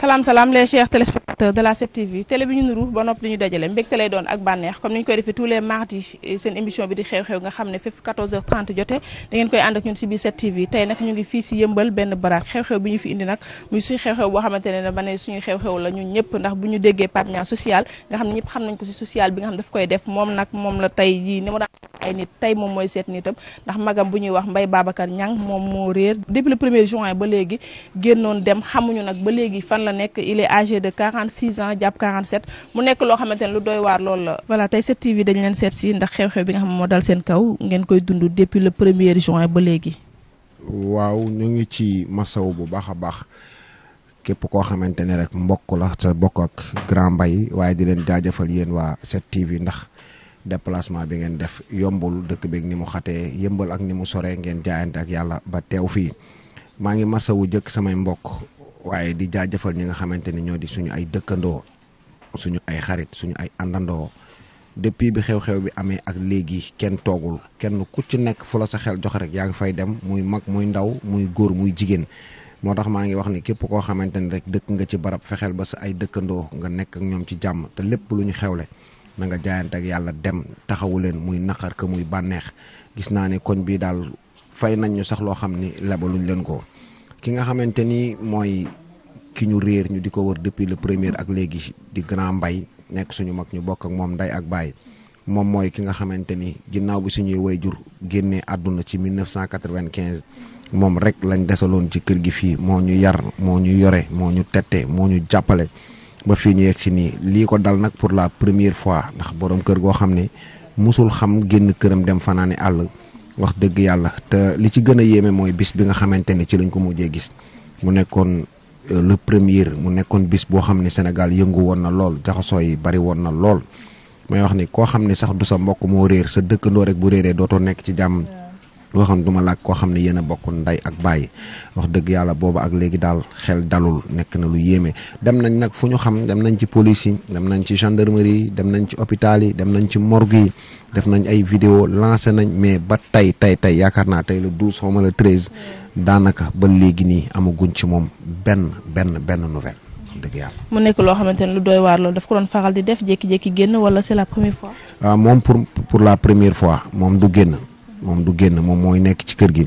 salaam salaam les chers téléspectateurs de la 7TV télé bi ñu nuru ba nopp li ñu dajale mbégte lay doon ak bànneex comme ni ñu koy defee tous les mardis eh, seen émission bi di xew-xew nga xam ne fépp 14h30 jote da koy ànd ak ñun si biir tv tey nag ñu ngi fii si yëmbal benn baraat xew-xew bi ñu fi indi nag muy xamante ne ne ma ne suñu xew ñëpp ndax bu ñu déggee partenaire social nga xam ne ñëpp xam nañ ko si social bi nga xam daf koy def moom nag moom la tey jii ni mu moom mooy seet nitam ndax magam bu ñuy wax Mbaye Babacar Niang moom moo réer depuis le premier juin ba léegi génnoon xamuñu nag ba léegi fan la la nekk il est âgé de 46 ans jàpp 47 mu nekk loo xamante ne lu doy waar loolu la. voilà tey 7TV dañ leen set si ndax xew-xew bi nga xam moo dal seen kaw ngeen koy dund depuis le premier juin ba léegi. waaw ñu ngi ci wu bu baax a baax képp koo xamante ne rek mbokk la te bokk ak Grand mbay waaye di leen jaajëfal yéen waa 7TV ndax. déplacement bi ngeen def yombul dëkk beek ni mu xatee yëmbal ak ni mu soree ngeen jaayante ak yàlla ba teew fii maa ngi masawu jëkk samay mbokk waaye di jaajëfal ñi nga xamante ni ñoo di suñu ay dëkkandoo suñu ay xarit suñu ay àndandoo depuis bi xew-xew bi amee ak léegi kenn toogul kenn ku ci nekk fu la sa xel jox rek yaa ngi fay dem muy mag muy ndaw muy góor muy jigéen moo tax maa ngi wax ni képp koo xamante ni rek dëkk nga ci barab fexeel ba sa ay dëkkandoo nga nekk ak ñoom ci jàmm te lépp lu ñu xewle na nga jaayante ak yàlla dem taxawu leen muy naqar ka muy bànneex gis naa ne koñ bii daal fay nañ ñu sax loo xam ni lebaluñ leen ko. ki nga xamante ni mooy ki ñu réer ñu di ko war depuis le premier ak léegi di grand mbay nekk suñu mag ñu bokk ak moom nday ak baay moom mooy ki nga xamante ni ginaaw bi suñuy jur génnee àdduna ci 1995 moom rek lañ desaloon ci kër gi fii moo ñu yar moo ñu yore moo ñu tette moo ñu jàppale ba fii ñu yegg si nii lii ko dal nag pour la première fois ndax borom kër goo xam ne musul xam génn këram dem fanaani àll wax dëgg yàlla te li ci gën a yéeme mooy bis bi nga xamante ne ci lañ ko mujjee gis mu nekkoon euh, le premier mu nekkoon bis boo xam ne Sénégal yëngu woon na lool jaxasoo yi bari woon na lool. may wax ni koo xam ne sax du sa mbokk moo réer sa dëkkandoo rek bu réeree dootoo nekk ci jàmm waxam du ma laaj koo xam ne yéen a bokk ndey ak bàyyi wax dëgg yàlla booba ak léegi daal xel dalul nekk na lu yéeme dem nañ nag fu ñu xam dem nañ ci police yi dem nañ ci gendarmerie yi dem nañ ci hôpital yi dem nañ ci morgue yi def nañ ay vidéo lancé nañ mais ba tey tey tey yaakaar naa tey le 12 xaw ma le daanaka ba léegi nii amaguñ ci moom benn benn benn nouvelle dëgg yàlla. mu nekk loo xamante ne lu doy waar loolu daf ko doon faral di def jékki génn wala c'est la ah, pour pour la première fois moom du génn. moom du génn moom mooy nekk ci kër gi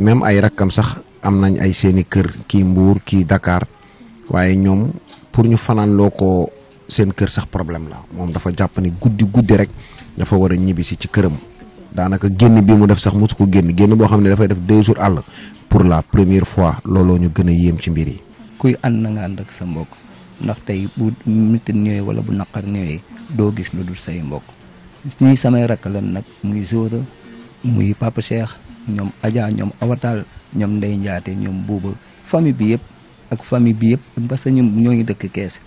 même ay rakkam sax am nañ ay seeni kër kii Mbuur kii dakaar waaye ñoom pour ñu fanaan loo ko seen kër sax problème la moom dafa jàpp ni guddi guddi rek dafa war a ñibbisi ci këram daanaka génn bi mu def sax mosu ko génn génn boo xam ne dafay def deux jours àll pour la première fois looloo ñu gën a yéem ci mbir yi. kuy ànd na nga ànd ak sa mbokk ndax tey bu metti ñëwee wala bu naqar ñëwee doo gis lu dul say mbokk ñii samay rakk lan nag muy muy Papa Cheikh ñoom Adja ñoom Awatal ñoom nday Njaate ñoom Buuba famille bi yëpp ak famille bi yëpp parce que ñun ñoo ngi dëkk kees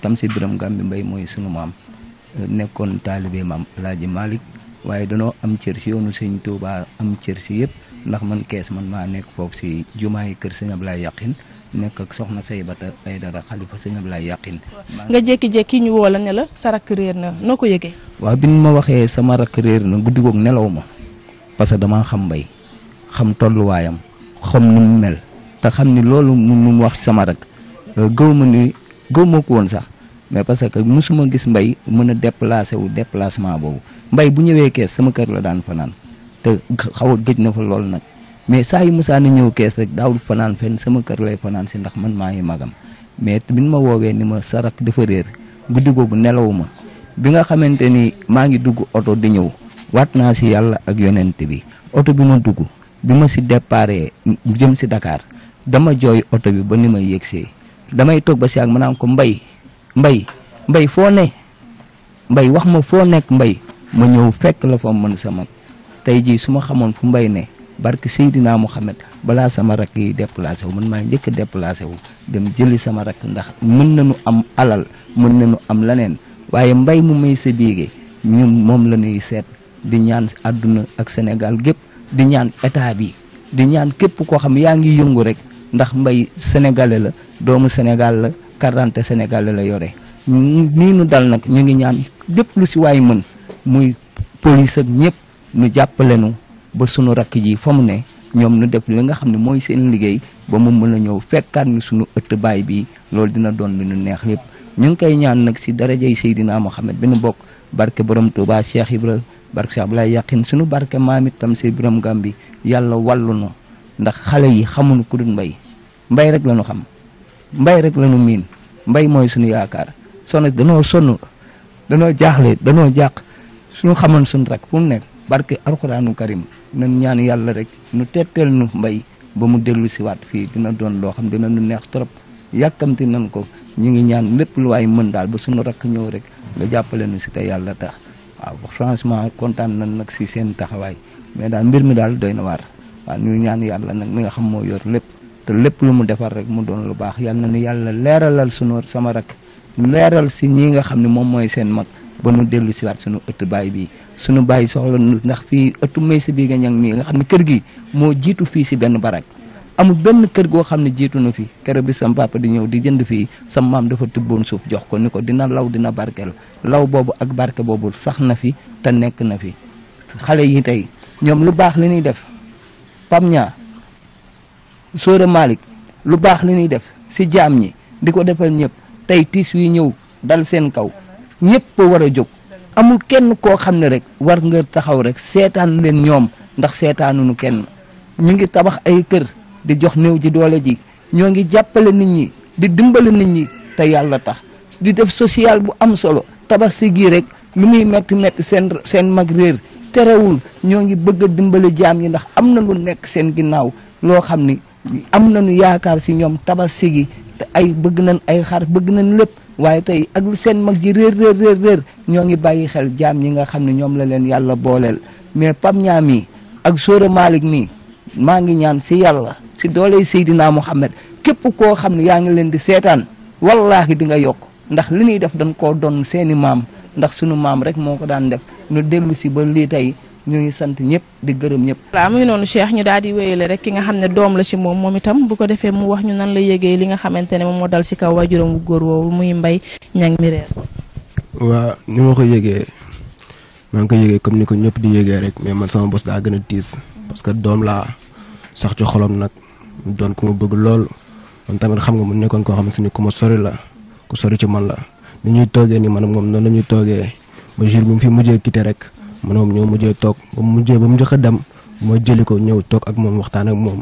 tam si biram Gambi Mbay mooy sunu maam euh, nekkoon taalibe maam Laaji Malick waaye danoo am cër si yoonu sëñ Tuubaa am cër si yëpp ndax man kees man maa nekk foofu si jumaa jumaay kër sëñ Ablaay Yaqin nekk ak soxna say bata ay dara xalifa sëñ Ablaay Yaqin nga jékki-jékki ñu woo la ne la sa rakk réer na noo ko yëgee waaw bi ñu ma waxee sama rakk réer na guddi nelaw ma parce que damaa xam mbay xam tolluwaayam xam ni mu mel te xam ni loolu mu mu wax sama rek euh, gëw ma ni gëw ma ko sax mais parce que musuma gis mbay mën a déplacé wu déplacement boobu mbay bu ñëwee kees sama kër la daan fanaan te xaw a gëj na fa lool nag mais saa yi musaa na ñëw kees rek daawul fanaan fenn sama kër lay fanaan si ndax man maa ngi magam mais bi ma woowee ni ma sarak dafa réer guddi googu nelaw ma bi nga xamante ni maa ngi dugg oto di ñëw waat naa si yàlla ak yonent bi oto bi ma dugg bi ma si déparé jëm si dakaar dama jooy oto bi ba ni ma see damay toog ba si ak ma naan ko mbay mbay mbay foo ne mbay wax ma foo nekk mbay ma fekk la fa mën sama tey jii su ma xamoon fu mbay ne barke Seydina Muhammad balaa sama rakk yi déplacé wu man maa njëkk a déplacé wu dem jëli sama rakk ndax mën nañu am alal mën nañu am leneen waaye mbay mu may sa biige ñun moom la ñuy seet di ñaan àdduna ak Sénégal gépp di ñaan état bi di ñaan képp koo xam yaa ngi yëngu rek ndax mbay sénégalais la doomu Sénégal la carte sénégalais la yore nii nu dal nag ñu ngi ñaan lépp lu si waay mën muy police ak ñëpp nu jàppale nu ba sunu rakk ji fa mu ne ñoom nu def li nga xam ne mooy seen liggéey ba mu mën a ñëw fekkaat ni sunu ëtt baay bii loolu dina doon lu ñu neex lépp ñu ngi koy ñaan nag si darajay Seydina Mohamed bi nu bokk barke borom Touba Cheikh Ibrahima. barke si Ablaye yàqin suñu barke maam itam si biram Gambi yàlla wàllu na ndax xale yi xamuñu ku mbay mbay rek la ñu xam mbay rek la ñu miin mbay mooy suñu yaakaar soo nag danoo sonn danoo jaaxle danoo jàq suñu xamoon suñu rek fu mu nekk barke alxuraanu karim nañ ñaan yàlla rek nu tetteel nu mbay ba mu dellu si waat fii dina doon loo xam dina nu neex trop yàkkamti nan ko ñu ngi ñaan lépp lu waay mën daal ba suñu rakk ñëw rek nga jàppale nu si te yàlla tax waaw franchement kontaan nañ nag si seen taxawaay mais daal mbir mi daal doy na waar waaw ñu ñaan yàlla nag mi nga xam moo yor lépp te lépp lu mu defar rek mu doon lu baax yàlla na ni yàlla leeralal sunu sama rak leeral si ñii nga xam ne moom mooy seen mag ba nu dellu si waat sunu ëtt baay bi sunu baay soxla ndax fii ëttu Maysa bi nga ñang mii nga xam ne kër gi moo jiitu fii si benn barak amul benn kër goo xam ne jiitu na fi keroog bi sam papa di ñëw di jënd fii sam maam dafa tibboon suuf jox ko ni ko dina law dina barkeel law boobu ak barke boobu sax na fi te nekk na fi xale yi tey ñoom lu baax li ñuy def pam ñaa lu baax li ñuy def si jaam ñi di ko defal ñëpp tey tiis wi ñëw dal seen kaw ñëpp war a jóg amul kenn koo xam ne rek war nga taxaw rek seetaan leen ñoom ndax seetaanunu kenn ñu ngi tabax ay kër di jox néew ji doole ji ñoo ngi jàppale nit ñi di dimbale nit ñi te yàlla tax di def social bu am solo tabaski gi rek lu muy metti metti sen seen mag réer terewul ñoo ngi bëgg a dimbale jaam yi ndax am na lu nekk seen ginnaaw loo xam ni am nañu yaakaar si ñoom tabaski gi te ay bëgg nañ ay xar bëgg nañ lépp waaye tey adul seen mag ji réer réer réer réer ñoo ngi bàyyi xel jaam ñi nga xam ne ñoom la leen yàlla booleel mais pam ñaam yi ak sóora Malick mii maa ngi ñaan si yàlla si dooley Seydina Muhammad képp koo xam ne yaa ngi leen di seetaan wallaahi di nga yokk ndax li ñuy def dañ koo doon seeni maam ndax sunu maam rek moo ko daan def ñu dellu si ba lii tey ñu ngi sant ñëpp di gërëm ñëpp. voilà noonu Cheikh ñu daal di rek ki nga xam ne doom la ci moom moom itam bu ko defee mu wax ñu nan la yëgee li nga xamante ne moom moo dal ci kaw waajuram wu góor woowu muy Mbaye Niang Mirèr. waa ni ma ko yëgee maa ngi ko yëgee comme ni ko ñëpp di yëgee rek mais man sama bos daa gën a tiis parce que doom laa sax ci xolom nag. mu doon ku ma bëgg lool man tamit xam nga mu nekkoon koo xam ne ku ma sori la ku sori ci man la ni ñuy toogee ni man moom noonu la ñuy toogee ma jour bi mu fi mujjee rek man moom mujjee toog ba mujjee ba mu njëkk a dem moo jëli ko ñëw toog ak moom waxtaan ak moom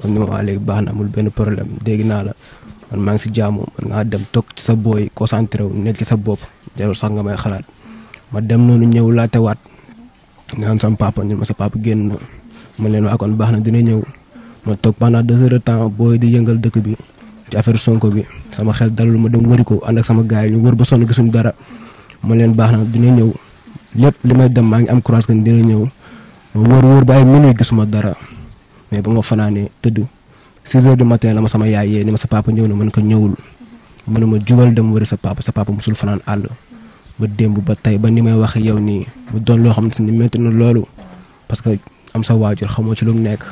man ni ma waa léegi baax na amul benn problème dégg naa la man maa ngi si jaamu man ngaa dem toog ci sa booy concentré wu nekk sa bopp jarul sax may xalaat ma dem noonu ñëw laatewaat naan sama papa ñu ma sa papa génn na ma leen waa kon baax na dina ñëw. ma toog pendant deux heures de temps booy di yëngal dëkk bi ci affaire sonko bi sama xel dalul ma dem wëri ko ànd ak sama gars yi ñu wër ba sonn gisuñu dara ma leen baax na dina ñëw lépp li may dem maa ngi am courage que ni dina ñëw ma ba ay minuit gisuma dara mais ba ma fanaanee tëdd six heures de matin la ma sama yaay yee ni ma sa papa ñëw na mën ko ñëwul mën ma jugal dem wëri sa papa sa papa musul fanaan àll ba démb ba tey ba ni may wax yow nii mu doon loo xam ne si ni métti loolu parce que am sa waajur xamoo ci lu mu nekk.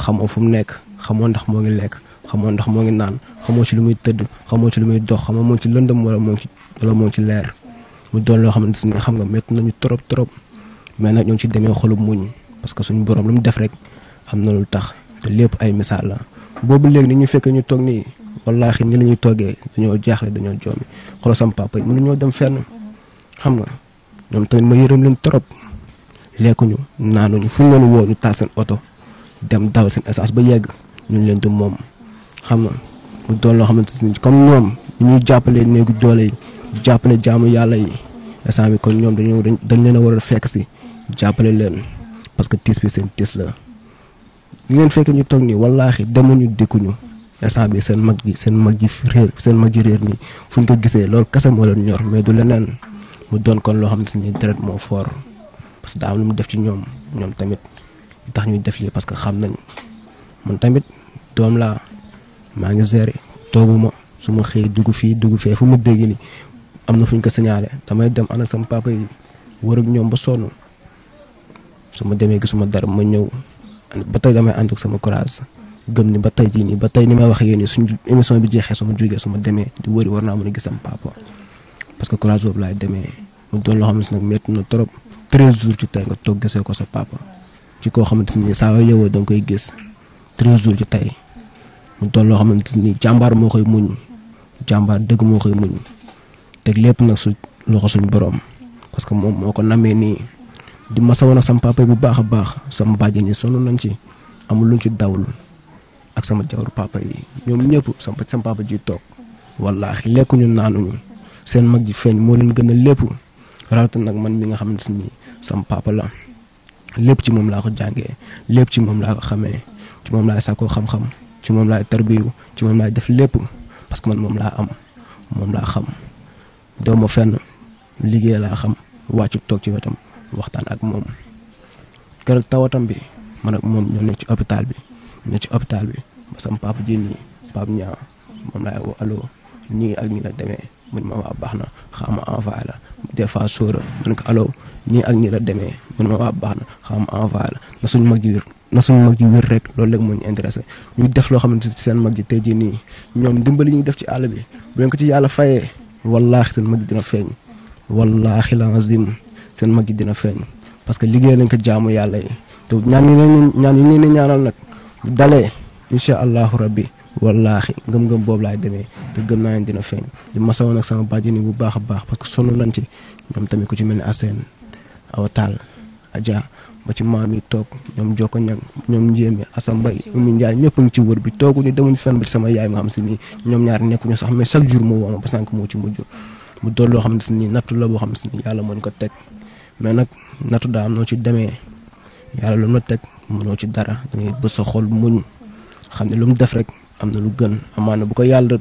xamoo fu mu nekk xamoo ndax moo ngi lekk xamoo ndax moo ngi naan xamoo ci lu muy tëdd xamoo ci lu muy dox xamoo moo ci lëndëm wala moom ngi ci wala ci leer mu doon loo xamante ne xam nga métti nañu trop trop mais nag ñoo ngi ci demee xolub muñ parce que suñu borom lu mu def rek am na lu tax te lépp ay misaal la boobu léegi ni ñu fekkee ñu toog nii wallaahi ni la ñuy toogee dañoo jaaxle dañoo joomi xoolal sama mun yi ñoo dem fenn xam nga ñoom tamit ma yërëm leen trop lekkuñu naanuñu fu ñu leen woo ñu taal seen oto dem daw seen essence ba yegg ñun leen du moom xam nga mu doon loo xamante ni comme ñoom ñuy jàppale néegu doole jàppale jaamu yàlla yi instant bi kon ñoom dañoo dañ leen a war fekk si jàppale leen parce que tiis bi seen tiis la ñu leen fekk ñu toog nii wallaahi demuñu dikkuñu instant bi seen mag yi seen mag yi réer seen mag yi réer nii fu ñu ko gisee loolu kese moo leen ñor mais du leneen mu doon kon loo xamante ni deret moo fort parce que daa am lu mu def ci ñoom ñoom tamit. tax ñuy def lii parce que xam nañ man tamit doom laa maa ngi gérer tooguma su ma xëyee dugg fii dugg fee fu ma dégg ni am na fu ñu ko signalé damay dem ànd ak sama papa yi war ak ñoom ba sonn su ma demee gisuma dara ma ñëw ba tey damay ànd sama courage gëm ni ba tey jii nii ba tey ni may wax ak yéen suñu bi jeexee su ma jógee su demee di wëri war naa mën a gis sama papa parce que courage boobu laay demee mu doon loo xam ne si nag métti na trop 13 jours ci tey nga toog gisee ko sa papa. ci koo xamante ni saa yoo yeewoo da koy gis treize jours ci tey mu toll loo xamante ni jàmbaar moo koy muñ jàmbaar dëgg moo koy muñ teg lépp nag su loxo suñu borom parce que moom moo ko namee nii di masawoon ak sama papa bu baax a baax sama bàjj yi sonn nañ ci amul luñ ci dawul ak sama jabaru papa yi ñoom ñëpp sama sama papa ji toog wallaahi lekkuñu naanuñu seen mag ji feeñ moo leen gën a lépp rawatina nag man mi nga xamante ni sama papa la. lépp ci moom laa ko jàngee lépp ci moom laa ko xamee ci moom laay sàkkoo xam-xam ci moom laay tarbiyu ci moom laay def lépp parce que man moom laa am moom laa xam doo ma fenn liggéey laa xam wàccu toog ci wetam waxtaan ak moom keroog tawatam bi man ak moom ñoo nekk ci hôpital bi ñoo ci hôpital bi ba sama papa ji nii papa ñaa moom laay woo allo nii ak nii la demee mun ma waa baax na xaam envoyé la des fois sóora mun ko allo nii ak nii la demee mun ma waa baax na xaam envoyé la na suñ mag yi na suñ mag yi wér rek loolu rek moo ñu intéressé ñu def loo xamante ne seen mag yi tey jii nii ñoom dimbali ñuy def ci àll bi bu leen ko ci yàlla fayee wallaahi seen mag yi dina feeñ wallaahi lazim seen mag yi dina feeñ parce que liggéey nañ ko jaamu yàlla yi te ñaan yi ne ñaan yi ne ñaanal nag bu dalee incha allahu rabbi wallaahi ngëm-ngëm boobu laay demee te gëm naa ne dina feeñ di masawoon ak sama bàjjini bu baax a baax parce que sonn nañ ci ñoom tamit ku ci mel ni Assène Awa Tall Adja ba ci maam yi toog ñoom jokko ñag ñoom njéeme Assane Mbaye Oumy Ndiaye ñëpp ci wër bi tooguñu demuñ fenn ba ci sama yaay nga xam si nii ñoom ñaari nekkuñu sax mais chaque jour moo woo ma ba sànq moo ci mujj mu doon loo xam ne si nii nattu la boo xam si nii yàlla moo ko teg mais nag nattu daa noo ci demee yàlla lu ma teg mënoo ci dara dangay bës sa xol muñ xam ne lu mu def rek am na lu gën amaana bu ko yàlla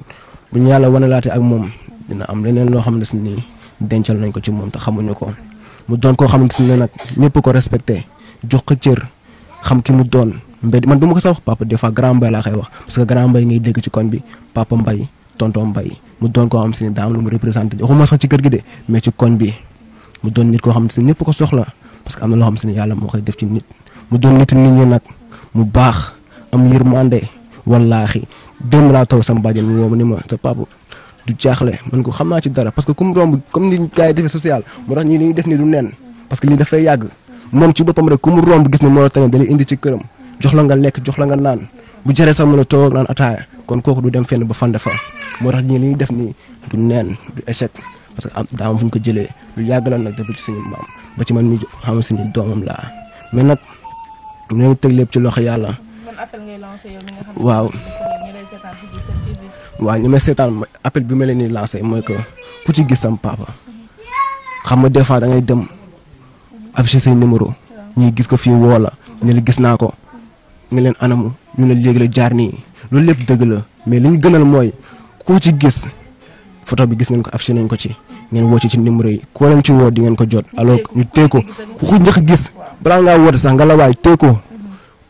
bu ñu yàlla wanalaatee ak moom dina am leneen loo xam ne si nii dencal nañ ko ci moom te xamuñu ko mu doon koo xamante ne nag ñëpp ko respecté jox ko cër xam ki mu doon mbéy man du ma ko sax wax papa laa koy wax parce que grand mbay ci koñ bi papa mbay tonton mu doon koo xam si ne daa am lu mu représenté waxuma sax ci kër gi de mais ci koñ bi mu doon nit koo xam si ne ñëpp ko soxla parce que am na loo xam si ne yàlla moo koy def ci nit mu doon nit nit ñi nag mu baax am yërmande wallaahi démb laa taw sama bàjjen woo ma ni ma sa papa du jaaxle man ko xam naa ci dara parce que comme romb comme ni gars yi defee social moo tax ñii li ñuy def ni du nen parce que lii dafay yàgg moom ci boppam rek ku romb gis ne moo la tane dalay indi jox la nga naan bu jëree sax mën a toog naan ataaya kon kooku du dem fenn ba fan dafa moo tax ñii li ñuy def ni du nen du échec parce que am daa fu ñu ko jëlee lu yàgg la nag dafa ci suñu maam ba ci man mi xam suñu doomam laa mais nag ñu ngi teg lépp ci loxo yàlla. appel ngay lancé yow mi ne. waaw waaw seetaan appel bi ma leen di mooy que ku ci gis sam papa. xam nga des fois da ngay dem affiché say numéro ñii gis ko fii woo ñu la gis naa ko nga leen anamu ñu ne léegi jaar nii loolu lépp dëgg la mais li ñu gënal mooy ku ci gis photo bi gis ngeen ko affiché nañ ko ci ngeen woo ci ci numéro yi koo leen ci woo di ngeen ko jot alors ñu téye ko ku gis balaa ngaa woote sax nga la waay téye ko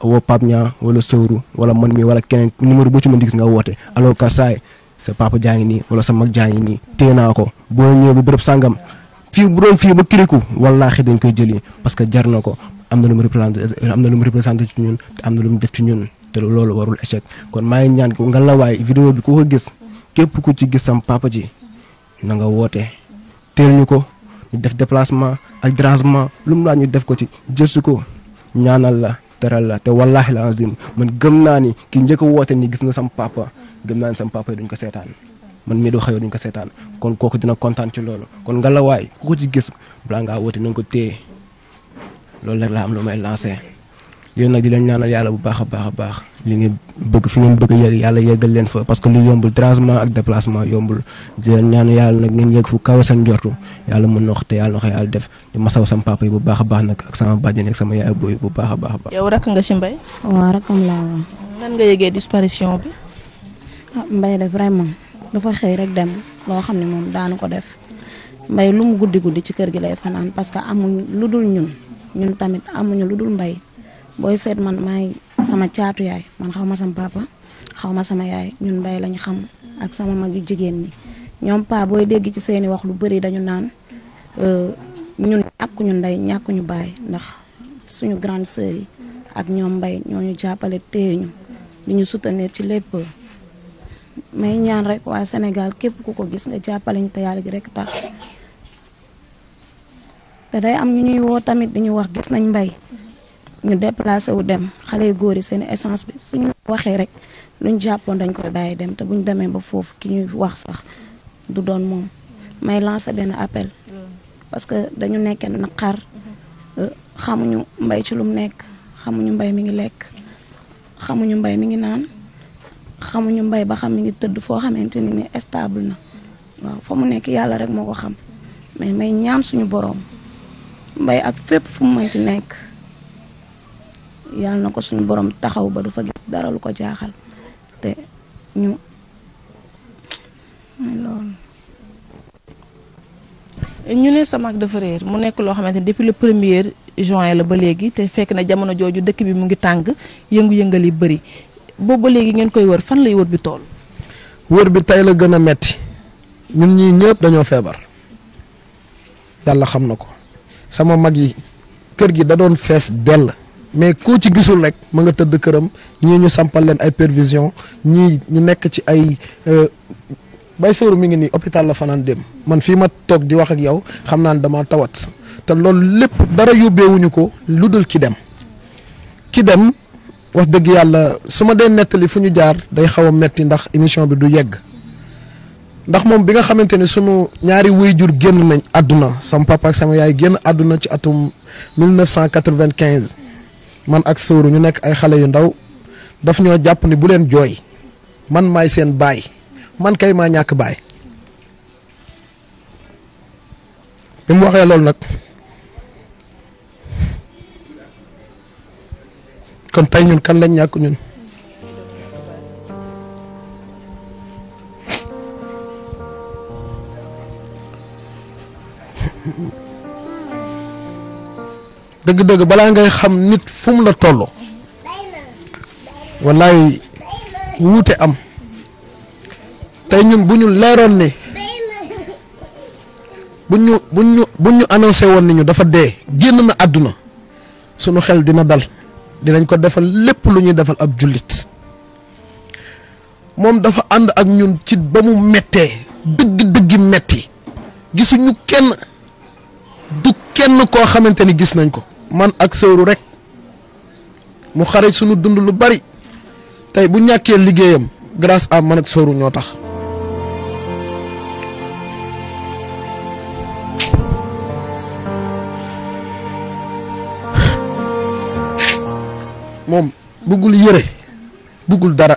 woo Pape Niang wala Sowru wala man mi wala keneen numéro boo ci mën di gis nga woote alors que saay sa papa jaa ngi nii wala sa mag jaa ngi nii téye naa ko boo ñëwee ba béréb sàngam fii bu doon fii ba kiriku wallaahi dañ koy jëli parce que jar na ko am na lu mu représenté am na lu mu représenté ci ñun am na lu mu def ci ñun te loolu warul échec kon maa ngi ko nga la waay vidéo bi ko gis képp ku ci gis sam papa ji na nga woote teel ñu ko ñu def déplacement ak dérangement lu mu laaj ñu def ko ci jël ko ñaanal la. teral la te wallaahi la man gëm naa ni ki njëkk woote ni gis na sam papa gëm naa ni sam papa yi duñ ko seetaan man mii doo xëyoo duñ ko seetaan kon kooku dina kontaan ci loolu kon ngalawaay ku ko ci gis balaa ngaa woote na ko téye loolu rek laa am lu may lancé yéen nag di leen ñaanal yàlla bu baax a baax a baax li ngeen bëgg fi ngeen bëgg a yegg yàlla yeggal leen fa parce que lu yombul transement ak déplacement yombul di leen ñaanal yàlla nag ngeen yegg fu kawe seen njortu yàlla mën na te yàlla def di masaw sama papa yi bu baax a baax nag ak sama bàjjen ak sama yaay bu baax a baax. yow rakk nga ci mbay. waaw rakkam laa woon. nan nga yëgee disparition bi. ah mbay de vraiment dafa xëy rek dem loo xam ne moom daanu ko def mbay lu mu guddi guddi ci kër gi lay fanaan parce que amuñ lu dul ñun ñun tamit lu dul mbay booy seet man maay sama caatu yaay man xaw ma sama papa xaw ma sama yaay ñun mbay lañ xam ak sama mag yu jigéen ñi ñoom pa booy dégg ci seeni wax lu bëri dañu naan euh, ñun ak ñu ñàkkuñu baay ndax suñu grande sœur yi ak ñoom mbay ñoo ñu jàppale téye ñu di ñu soutenir ci lépp may ñaan rek waa Sénégal képp ku ko gis nga jàppale ñu te yàlla ji rek tax te day am ñu ñuy woo tamit dañu wax gis nañ mbay ñu déplacé wu dem xale yu góor yi seen essence bi suñu waxee rek luñ jàppoon dañ koy bàyyi dem te buñ demee ba foofu ki ñuy wax sax du doon moom may lancé benn appel parce que dañu nekkee naqar xamuñu mbay ci lum nekk xamuñu mbay mi ngi lekk xamuñu mbay mi ngi naan xamuñu mbay ba xam mi ngi tëdd foo xamante ni ni stable na waaw fa mu nekk yàlla rek moo ko xam mais may ñaan suñu boroom mbay ak fépp fu mu mënti nekk yàlla na ko suñu boroom taxaw ba du fa gis dara lu ko jaaxal te ñu ñu ne sa mag dafa mu nekk loo xamante ne depuis le premier juin la ba léegi te fekk na jamono jooju dëkk bi mu ngi tàng yëngu-yëngal bari bëri boobu ba léegi ngeen koy wër fan lay wër bi tool. wër bi tey la gën a metti ñun ñii ñëpp dañoo feebar yàlla xam na ko sama mag yi kër gi da doon fees dell. mais koo ci gisul rek ma nga tëdd këram ñii ñu sampal leen ay pervision ñii ñu nekk ci ay euh, bay sëru mu ngi nii hôpital la fanaan dem man fii ma toog di wax ak yow xam naa ne dama tawat te loolu lépp dara yóbbeewuñu ko lu dul ki dem ki dem wax dëgg yàlla su ma dee nettali fu ñu jaar day xaw a metti ndax émission bi du yegg ndax moom bi nga xamante ni sunu ñaari jur génn nañ àdduna sama papa sama yaay génn àdduna ci atum 1995 man ak sëwru ñu nekk ay xale yu ndaw daf ñoo jàpp ni bu leen jooy man may seen baay man kay maa ñàkk baay bi mu waxee loolu nag kon tey ñun kan lañ ñàkk ñun dëgg-dëgg balaa ngay xam nit fu mu la toll wallaay wuute am tey ñun bu ñu leeroon ni bu ñu bu ñu bu woon ni ñu dafa dee génn na àdduna sunu xel dina dal dinañ ko defal lépp lu ñuy defal ab jullit moom dafa ànd ak ñun ci ba mu mettee dëgg-dëggi metti gisuñu kenn du kenn koo xamante ni gis nañ ko man ak sëwru rek mu xarit sunu dund lu bari tey bu ñàkkee liggéeyam grâce à man ak sëwru ñoo tax moom bëggul yëre bëggul dara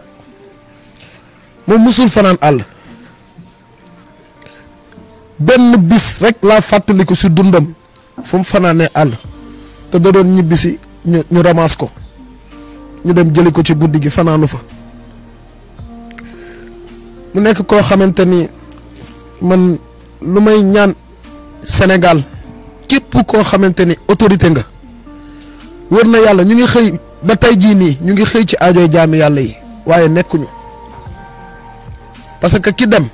moom mësul fanaan àll benn bis rekk laa fàttaliku si dundam fu mu fanaanee àll te da doon ñibbisi ñu ñu ramasse ko ñu dem jëli ko ci guddi gi fanaanu fa mu nekk koo xamante ni man lu may ñaan Sénégal képp koo xamante ni autorité nga wër na yàlla ñu ngi xëy ba tey jii nii ñu ngi xëy ci aajoy jaami yàlla yi waaye nekkuñu parce que ki dem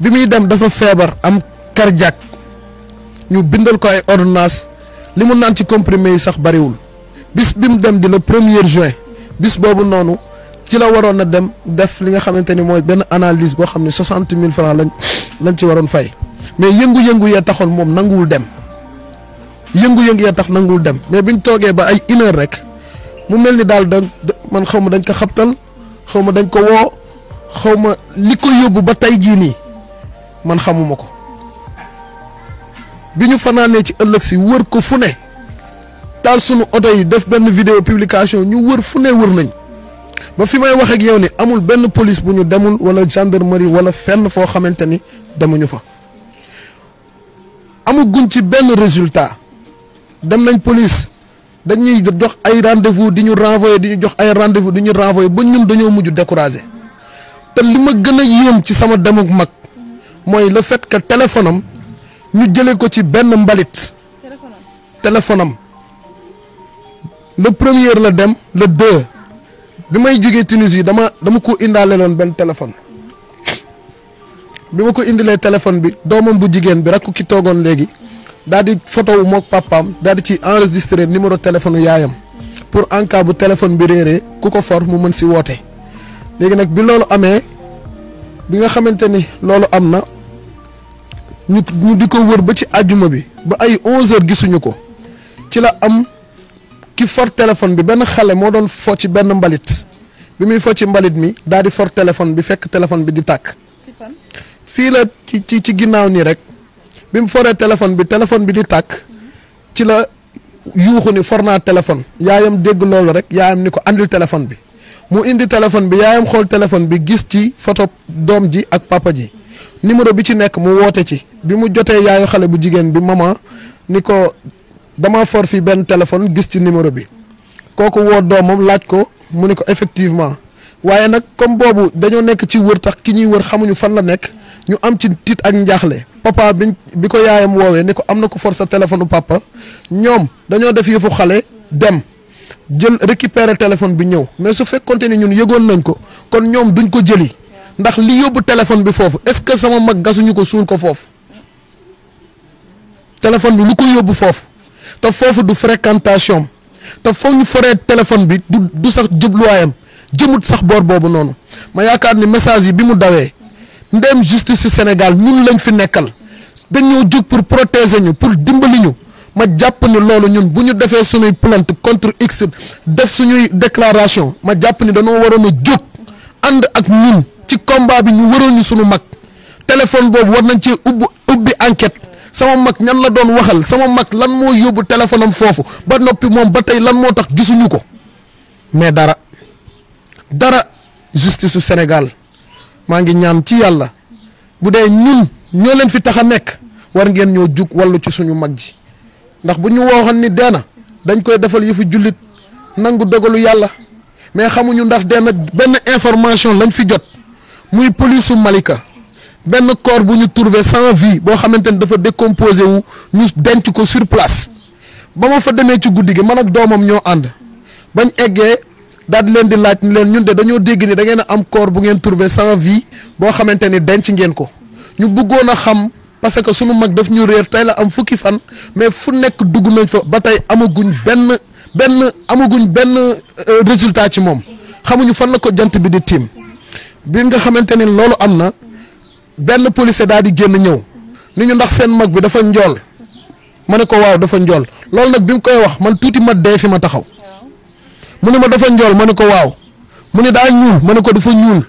bi muy dem dafa feebar am cardiaque ñu bindal ko ay ordonnance li mu naan ci comprimé yi sax bariwul bis bi mu dem di le premier juin bis boobu noonu ci la waroon a dem def li nga xamante ni mooy benn analyse boo xam ne soixante mille francs lañ lañ ci waroon fay mais yëngu-yëngu yee taxoon moom nanguwul dem yëngu-yëngu yee tax nanguwul dem mais bi ñu toogee ba ay une rek mu mel ni daal da man xaw ma dañ ko xabtal xaw ma dañ ko woo xaw ma li ko yóbbu ba tey jii nii man xamuma ko. bi ñu fanaanee ci ëllëg si wër ko fu ne taal sunu oto yi def benn vidéo publication ñu wër fu ne wër nañ ba fi may wax ak yow ni amul benn police bu ñu demul wala gendarmerie wala fenn foo xamante ni demuñu fa amaguñ ci benn résultat dem nañ police dañuy jox ay rendez-vous di ñu renvoyer di ñu jox ay rendez-vous di ñu renvoyé ba ñun dañoo mujj découragé te li ma gën a yéem ci sama dem mag mooy le fait que téléphone am ñu jëlee ko ci benn mbalit téléphone am le premier la dem le deux bi may jógee yi dama dama ko indaale loon benn téléphone bi ma ko indilee téléphone bi doomam bu jigéen bi rakku ki toogoon léegi daal di photo wu moog daal di ci enregistré numéro téléphone yaayam pour en bu téléphone bi réeree ku ko for mu mën si woote léegi nag bi loolu amee bi nga xamante ni loolu am na ñu ñu di ko wër ba ci àjjuma bi ba ay 11h gisuñu ko ci la am ki for téléphone bi benn xale moo doon fo ci benn mbalit bi muy fo ci mbalit mi daal di for téléphone bi fekk téléphone bi di tàkk. fii ci ci ci ginnaaw nii rek bi mu téléphone bi téléphone bi di tàkk ci la yuuxu ni for naa téléphone yaayam dégg loolu rek yaayam ni ko andil téléphone bi mu indi téléphone bi yaayam xool téléphone bi gis ci photo doom ji ak papa ji numéro bi ci nekk mu woote ci. bi mu jotee yaayu xale bu jigéen bi maman ni ko dama for fi benn téléphone gis ci numéro bi kooku woo doomam laaj ko mu ni ko effectivement waaye nag comme boobu dañoo nekk ci wër tax ki ñuy wër xamuñu fan la nekk ñu am ci tiit ak njaaxle papa bi bi ko yaayam woowee ni ko am na ko for sa téléphone papa ñoom dañoo def yëfu xale dem jël récupérer téléphone bi ñëw mais su fekkonte ni ñun yëgoon nañ ko kon ñoom duñ ko jëli ndax li yóbbu téléphone bi foofu est-ce que sama mag gasuñu ko suul ko foofu téléphone bi lu ko yóbbu foofu te foofu du fréquentation te foo ñu foree téléphone bi du du sax jubluwaayam jëmut sax boor boobu noonu ma yaakaar ni message yi bi mu dawee ndéem justice Sénégal ñun lañ fi nekkal dañoo jóg pour protéger ñu pour dimbali ñu ma jàpp ni loolu ñun bu ñu defee suñuy plainte contre X def suñuy déclaration ma jàpp ni dañoo waroon a jóg ànd ak ñun ci combat bi ñu waroon ñu suñu mag téléphone boobu war nañ ci ubbi ubbi enquête sama mag ñan la doon waxal sama mag lan moo yóbbu téléphone am foofu ba noppi moom ba tey lan moo tax gisuñu ko mais dara dara justice su Sénégal maa ngi ñaan ci yàlla bu dee ñun ñoo leen fi tax a nekk war ngeen ñoo jug wallu ci suñu mag ji ndax bu ñu waxoon ni dee na dañ koy defal fi jullit nangu dogalu yàlla mais xamuñu ndax dee na benn information lañ fi jot muy polisu Malika. benn corps bu ñu trouvé sans vie boo xamante ni dafa décomposé wu ñu denc ko sur place ba ma fa demee ci guddi gi man ak doomam ñoo ànd bañ eggee daal di leen di laaj ni leen ñun de dañoo dégg ni da ngeen am corps bu ngeen trouvé sans vie boo xamante ni denc ngeen ko ñu buggoon a xam parce que sunu mag daf ñu réer tey la am fukki fan mais fu nekk dugg nañ fa ba tey amaguñ benn benn amaguñ benn euh, résultat ci moom xamuñu fan la ko jant bi di tiim nga xamante ni loolu am na. benn policier daal di génn ñëw ni ñu ndax seen mag bi dafa njool ma ne ko waaw dafa njool loolu nag bi mu koy wax man tuuti ma dee fi ma taxaw mu ne ma dafa njool ma ne ko waaw mu ne daa ñuul ne ko dafa ñuul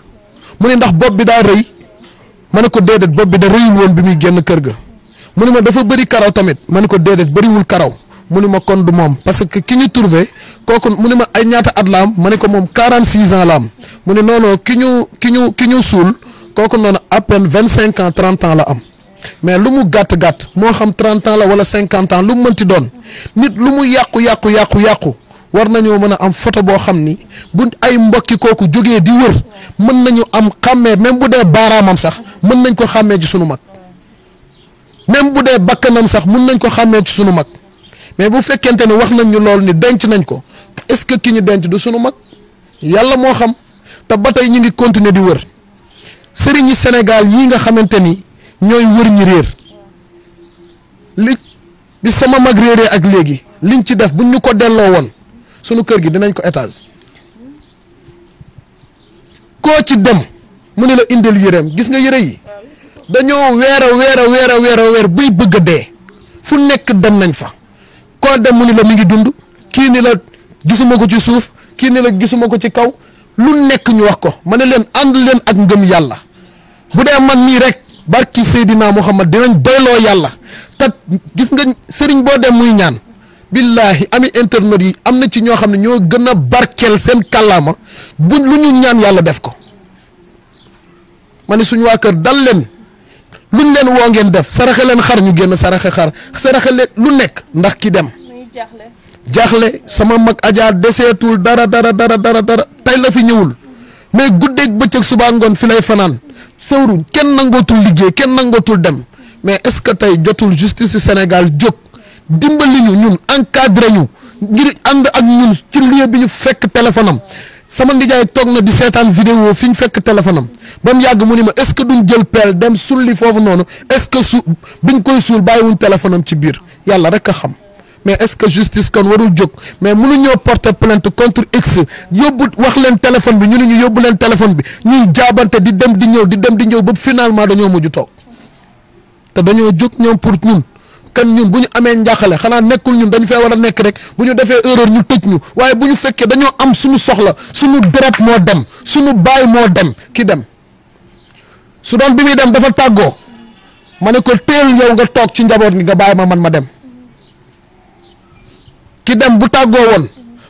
mu ne ndax bopp bi daa rëy ma ne ko déedéet bopp bi da woon bi muy génn kër ga mu ne ma dafa bëri karaw tamit ma ne ko déedéet bëriwul karaw mu ne ma kon du moom parce que ki ñu trouvé kooku mu ne ma ay ñaata at la am ma ne ko moom 46 ans la am mu ne non ki ñu ki ñu ki ñu suul. kooku noonu à vingt cinq ans trente ans la am mais lu mu gàtt gàtt moo xam trente ans la wala cinquante ans lu mu mënti doon nit lu mu yàqu yàqu yàqu yàqu war nañoo mën a am photo boo xam ni bu ay mbokki kooku jógee di wër mën nañu am xàmmee même bu dee baaraamam sax mën nañ ko xàmmee ci sunu mag même bu dee bakkanam sax mën nañ ko xàmmee ci mag mais bu fekkente ne wax nañ ñu loolu ni denc nañ ko est-ce que ki ñu denc du sunu mag yàlla moo xam te ba tey ñu ngi continuer di wër. sëriñi senegal yi nga xamante ni ñooy wër ñi réer li bi sama mag réeree ak léegi liñ ci def buñ ñu ko delloo woon sunu kër gi dinañ ko étage koo ci dem mu ne la indil yëreem gis nga yére yi dañoo weer a weer a weer a weer a weer buy bëgg a dee fu nekk dem nañ fa koo dem mu ni la mi ngi dund kii ni la gisuma ko ci suuf kii ni la gisuma ko ci kaw lu nekk ñu wax ko ma ne leen ànd leen ak ngëm yàlla bu dee man nii rek barki Seydina Muhammad dinañ doyloo yàlla te gis nga sëriñ boo dem muy ñaan billaahi ami internet yi am na ci ñoo xam ne ñoo gën a barkeel seen kàllaama bu lu ñu ñaan yàlla def ko ma ne suñu waa kër dal leen luñ leen woo ngeen def saraxe leen xar ñu génn saraxa xar saraxe lu nekk ndax ki dem jaaxle sama mag Adja deseetul dara dara dara dara dara tey la fi ñëwul mais guddeeg bëccëg subaa ngoon fi lay fanaan sëwruñ kenn nangootul liggéey kenn nangootul dem mais est-ce que tey jotul justice Sénégal jóg dimbali ñu ñun encadré ñu ngir ànd ak ñun ci lieu bi ñu fekk téléphone am sama ndijaay toog na di seetaan vidéo fi ñu fekk téléphone am yàgg mu ni ma est-ce que duñ jël peel dem sulli foofu noonu est-ce que su biñ koy suul bàyyiwuñ téléphone am ci biir yàlla rek a xam. mais est-ce que justice kon warul jóg mais mënuñoo porter plainte contre x yóbbu wax leen téléphone bi ñu ne ñu yóbbu leen téléphone bi ñuy jaabante di dem di ñëw di dem di ñëw ba finalement dañoo mujj toog te dañoo jóg ñoom pour ñun kan ñun bu ñu amee njaaxale xanaa nekkul ñun dañu fee war a nekk rek bu ñu defee erreur ñu tëj ñu waaye bu ñu fekkee dañoo am suñu soxla suñu deret moo dem suñu baay moo dem ki dem su doon bi muy dem dafa tàggoo ma ne ko teel yow nga toog ci njaboot gi nga bàyyi ma man ma dem. ki dem bu tàggoo woon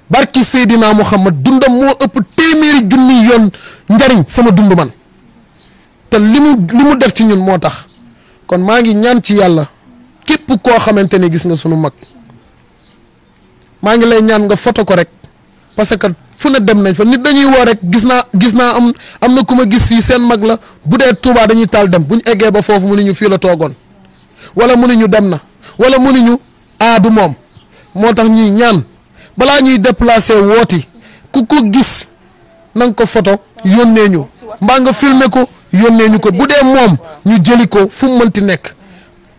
barki Seydina Muhammad dundam moo ëpp téeméeri junni yoon njariñ sama dund man te li mu li mu def ci ñun moo tax kon maa ngi ñaan ci yàlla képp koo xamante ne gis nga sunu mag maa ngi lay ñaan nga foto ko rek parce que fu ne dem nañ fa nit dañuy woo rek gis naa gis naa am am na ku ma gis fii seen mag la bu dee Tuubaa dañuy taal dem bu ñu eggee ba foofu mu ne ñu fii la toogoon wala mu ne ñu dem na wala mu ne ñu aadu ah, moom. moo tax ñuy ñaan balaa ñuy déplacé wooti ku ko gis na ko photo yónnee ñu mbaa nga filmer ko yónnee ñu ko bu dee moom ñu jëli ko fu mu mënti nekk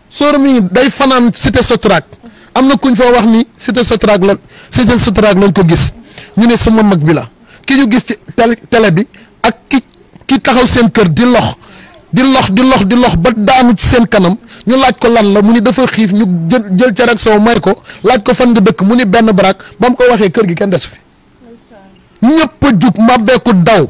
soor mi day fanaan cité Sotrac am na kuñ fa wax ni cité Sotrac la cité Sotrac lañ ko gis ñu ne sama mag bi la ki ñu gis ci télé bi ak ki ki taxaw seen kër di lox di lox di lox di lox ba daanu ci seen kanam ñu laaj ko lan la mu ni dafa xiif ñu jël jël cere ak soow may ko laaj ko fan nga dëkk mu ni benn baraak ba mu ko waxee kër gi kenn desu fi ñëpp a jug mabbeeku daw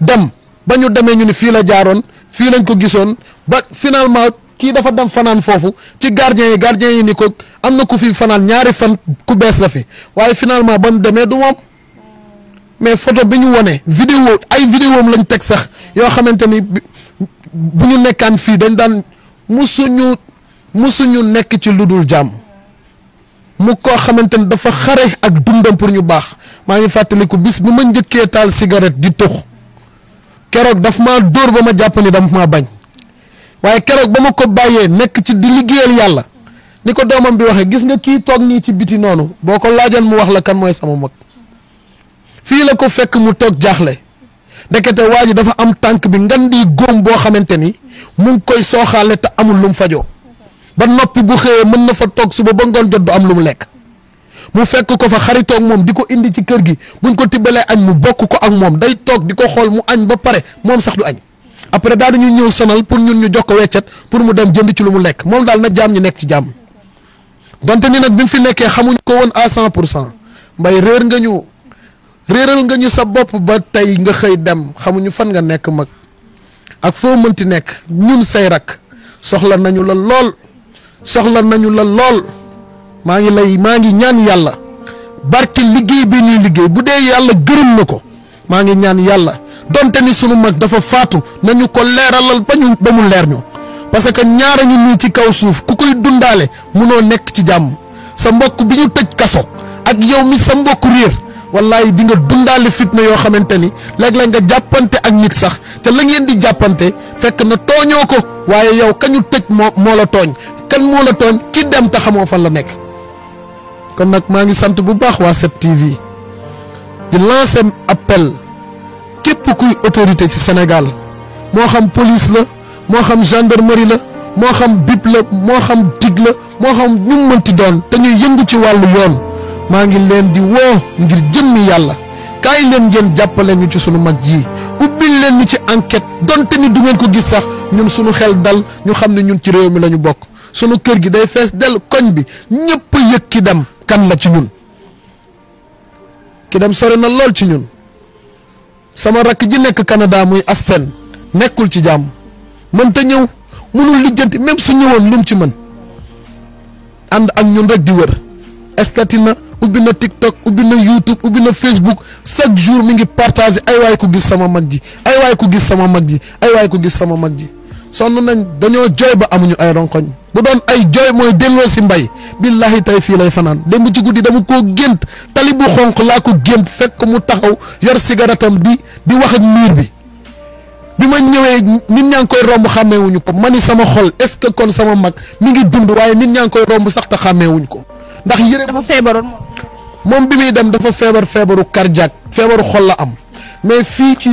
dem ba ñu demee ñu ni fii la jaaroon fii lañ ko gisoon ba finalement kii dafa dem fanaan foofu ci gardien yi gardien yi ni ko am na ku fi fanaan ñaari fan ku bees la fi waaye finalement ba mu demee du moom mais photo bi ñu wone vidéo ay vidéo lañ teg sax yoo xamante ni bu ñu nekkaan fii dañ daan musuñu musuñu nekk ci lu dul jàmm mu koo xamante ne dafa xare ak dundam pour ñu baax maa ngi fàttaliku bis bi ma njëkkee taal cigarette di tux keroog daf ma dóor ba ma jàpp ni daf maa bañ waaye keroog ba ma ko bàyyee nekk ci di liggéeyal yàlla ni ko doomam bi waxee gis nga kii toog nii ci biti noonu boo ko laajoon mu wax la kan mooy sama mag fii la ko fekk mu toog jaaxle ndekete waa ji dafa am tànk bi ngan di góom boo xamante ni. mu ngi koy sooxaale te amul lu mu fajoo ba noppi bu xëyee mën na fa toog suba ba ngoon jot du am lu mu lekk mu fekk ko fa xaritoog moom di ko indi ci kër gi buñ ko tibbalee añ mu bokk ko ak moom day toog di ko xool mu añ ba pare moom sax du añ après daal dañuy ñëw sonal pour ñun ñu jox ko weccet pour mu dem jënd ci lu mu lekk moom daal na jaam ñu nekk ci jàmm donte ni nag bi mu fi nekkee xamuñ ko woon à cent pour cent mbay réer nga ñu réeral nga ñu sa bopp ba tey nga xëy dem xamuñu fan nga nekk mag ak foo mënti nekk ñun say rak soxla nañu la lool soxla nañu la lool maa ngi lay maa ngi ñaan yàlla barke liggéey bi ñuy liggéey bu dee yàlla gërëm na ko maa ngi ñaan yàlla donte ni sunu mag dafa faatu nañu ko leeralal ba ñu ba mu leer ñu parce que ñaara ñu nii ci kaw suuf ku koy dundaale mënoo nekk ci jàmm sa mbokk bi ñu tëj kaso ak yow mi sa mbokk réer wallaay di nga dundaale fitna yoo xamante ni léeg-léeg nga jàppante ak nit sax te la ngeen di jàppante fekk na tooñoo ko waaye yow kañu tëj moo moo la tooñ kan moo la tooñ ki dem te xamoo fan la nekk. kon nag maa ngi sant bu baax waa 7TV di lancer appel képp kuy autorité ci Sénégal moo xam police la moo xam gendarmerie la. moo xam bip la moo xam dig la moo xam ñu mënti doon te ñuy yëngu ci wàllu yoon maa ngi leen di woo ngir jëmmi yàlla kaay leen ngeen jàppale ñu ci suñu mag yi ubbi leen ñu ci enquête donte ni du ngeen ko gis sax ñun suñu xel dal ñu xam ne ñun ci réew mi lañu bokk sunu kër gi day fees dell koñ bi ñépp yëg ki dem kan la ci ñun ki dem sore na lool ci ñun sama rakk ji nekk kanadaa muy asten nekkul ci jàmm mënta ñëw mënul lijjanti même su ñëwoon lu ci mën ànd ak ñun rek di wër estati na ubbi na TikTok ubbi na YouTube ubbi na Facebook chaque jour mu ngi partagé ay waay ku gis sama mag ji ay waay ko gis sama mag ji ay waay gis sama mag ji sonn nañ dañoo jooy ba amuñu ay ronkoñ bu doon ay jooy mooy delloo si mbay billahi tey fii lay fanaan démb ci guddi dama koo gént tali bu xonq laa ko gént fekk mu taxaw yor sigaratam bi di wax ak miir bi bi ma ñëwee nit ñaa ngi koy romb xàmmeewuñu ko ma ni sama xol est-ce que kon sama mag mi ngi dund waaye nit ñaa ngi koy romb sax te xàmmeewuñ ko moom bi muy dem dafa feebar feebaru cardiaque feebaru xol la am mais fii ci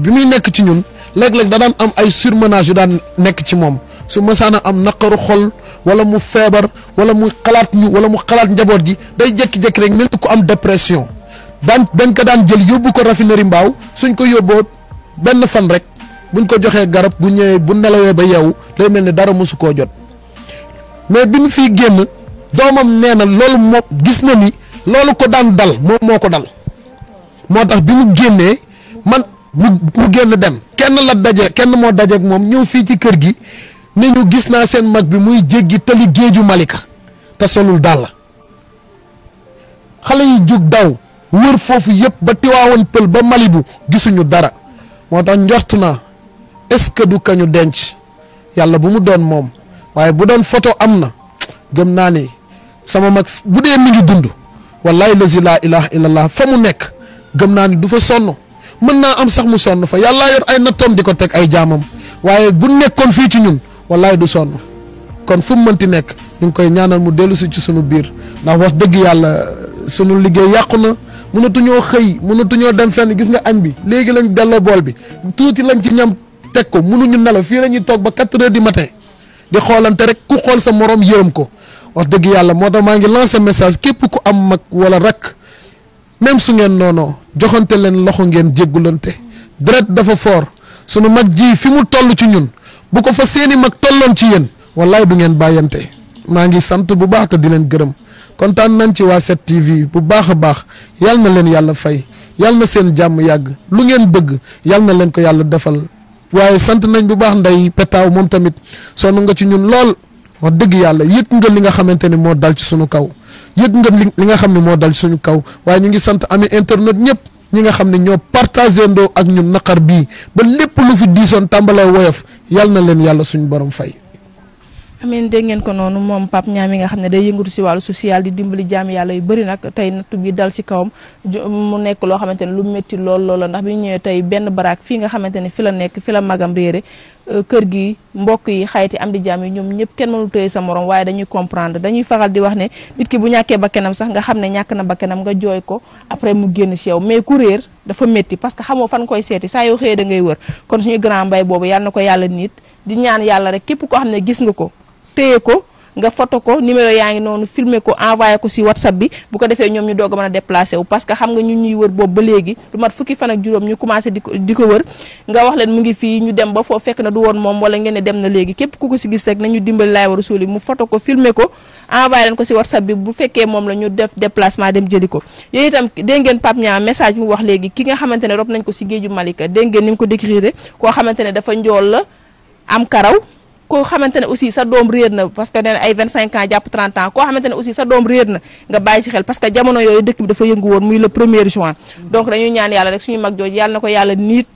bi muy nekk ci ñun léeg-léeg da daan am ay surmenage yu daan nekk ci moom su mësaana am naqaru xol wala mu feebar wala mu xalaat ñu wala mu xalaat njaboot gi day jékki-jékki rek mel ni ku am dépression daan dañ ko daan jël yóbbu ko raffinerie mbaaw suñ ko yóbboo benn fan rek buñ ko joxee garab bu ñëwee bu nelawee ba yeewu day mel ni dara mësu koo jot mais bi mu fiy génn doomam nee na loolu moo gis na ni. loolu ko daan dal moom moo ko dal moo tax bi mu génnee man mu mu génn dem kenn la daje kenn moo dajeeg moom ñëw fii ci kër gi ni ñu gis naa seen mag bi muy jéggi tali géeju Malika te solul daal la xale yi jóg daw wër foofu yëpp ba tiwaawoon pël ba Malibu gisuñu dara moo tax njort naa est-ce que du kañu denc yàlla bu mu doon moom waaye bu doon photo am na gëm naa ni sama mag bu dee mi ngi dund. wallahi lazi laa ilaha illallah fa mu nekk gëm naa ni du fa sonn mën naa am sax mu sonn fa yàlla yor ay nattoom di ko teg ay jaamam waaye bu nekkoon fii ci ñun wallahi du sonn kon fu mu mënti nekk ñu ngi koy ñaanal mu dellu si ci sunu biir ndax wax dëgg yàlla sunu liggéey yàqu na mënatuñoo xëy mënatuñoo dem fenn gis nga añ bi léegi lañ delloo bool bi tuuti lañ ci ñam teg ko mënuñu nelaw fii la ñuy toog ba quatre di du matin di xoolante rek ku xool sa morom yërëm ko wax dëgg yàlla moo tax maa ngi lancer message képp ko am mag wala rakk même su ngeen noonoo joxante leen loxo ngeen jéggulante deret dafa foor sunu mag ji fi mu toll ci ñun bu ko fa seeni mag tolloon ci yéen wallaay du ngeen bàyyante maa ngi sant bu baax te di leen gërëm kontaan nañ ci waa 7TV bu baax a baax yal na leen yàlla fay yal na seen jàmm yàgg lu ngeen bëgg yal na leen ko yàlla defal waaye sant nañ bu baax nday petaaw moom tamit sonn nga wax dëgg yàlla yëg nga li nga xamante ne moo dal ci suñu kaw yëg nga li nga xam ne moo dal suñu kaw waaye ñu ngi sant amee internet ñëpp ñi nga xam ne ñoo partagé ndoo ak ñu naqar bii ba lépp lu fi diisoon tàmbalee woyof yal na leen yàlla suñu borom fay. ameen dégg ngeen ko noonu moom Pape Niang mi nga xam ne day yëngatu si wàllu social di dimbali jaam yàlla yu bëri nag tey nattu bi dal si kawam mu nekk loo xamante ne lu métti lool loola ndax bi ñu tey benn baraak fii nga xamante ne fi la nekk fi la magam réere Euh, kër gi mbokk yi xayti am di jàmm yi ñoom ñëpp kenn mënul tëye sa morom waaye dañuy comprendre dañuy faral di wax ne nit ki bu ñàkkee bakkanam sax nga xam ne ñàkk na bakkanam nga jooy ko après mu génn si yow mais ku réer dafa métti parce que xamoo fan koy seeti saa yoo xëyee da ngay wër kon suñu grand mbay boobu yàlla na ko yàlla nit di ñaan yàlla rek képp koo xam ne gis nga ko téye ko nga foto ko numéro yaa ngi noonu filmer ko envoyé ko si whatsapp bi bu ko defee ñoom ñu doog a a déplacé wu parce que xam nga ñu ñuy wër boobu ba léegi lu mat fukki fan ak juróom ñu commencé di ko di ko wër nga wax leen mu ngi fii ñu dem ba foofu fekk na du woon moom wala ne dem na léegi képp ku ko si gis rek nañu dimbali laay war a suuli mu photo ko ko envoyé leen ko si whatsapp bi bu fekkee moom la ñu def déplacement dem jëli ko yéen itam dégg ngeen Pape Niang message mu wax léegi ki nga xamante ne rob nañ ko si géeju Malika dégg ngeen ni mu ko décrire koo xamante ne dafa njool la am karaw ko yàlla niit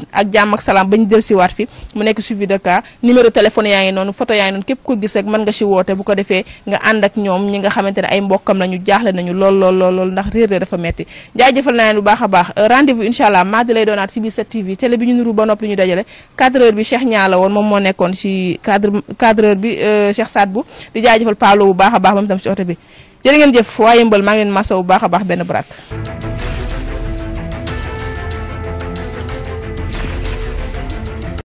ak ay mbokkam la jaaxle nañu lool lool lool lool ndax réer dafa metti jaajëfal naa leen bu baax a baax rendez-vous incha lay doonaat si biir 7TV télé bi ñu nuru ba nopp li ñu dajale 4 heures bi Cheikh Ñaa moom moo nekkoon si cadre cadreur bi euh, Cheikh Saad bu di jaajëfal Paalo bu baax a baax moom tam ci oto bi jërë ngeen jëf waaye mbal maa ngi leen bu baax a baax benn baraat